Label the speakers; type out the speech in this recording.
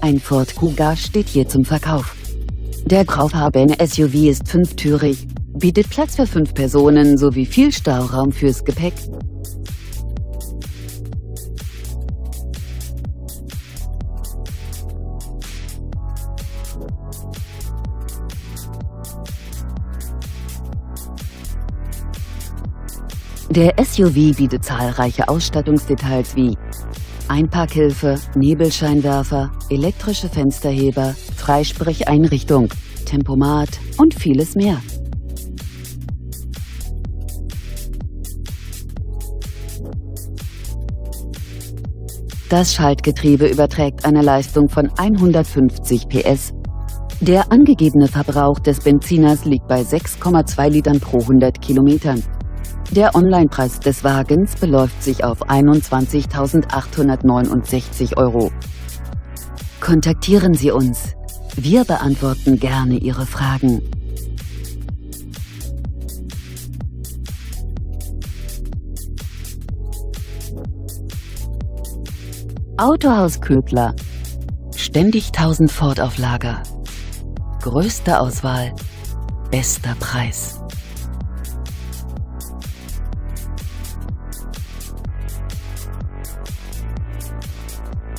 Speaker 1: Ein Ford Kuga steht hier zum Verkauf. Der graufarbene SUV ist fünftürig, bietet Platz für fünf Personen sowie viel Stauraum fürs Gepäck. Der SUV bietet zahlreiche Ausstattungsdetails wie Einparkhilfe, Nebelscheinwerfer, elektrische Fensterheber, Freisprecheinrichtung, Tempomat und vieles mehr. Das Schaltgetriebe überträgt eine Leistung von 150 PS. Der angegebene Verbrauch des Benziners liegt bei 6,2 Litern pro 100 Kilometern. Der Onlinepreis des Wagens beläuft sich auf 21.869 Euro. Kontaktieren Sie uns. Wir beantworten gerne Ihre Fragen. Autohaus Ködler. Ständig 1000 Ford auf Lager. Größte Auswahl, bester Preis.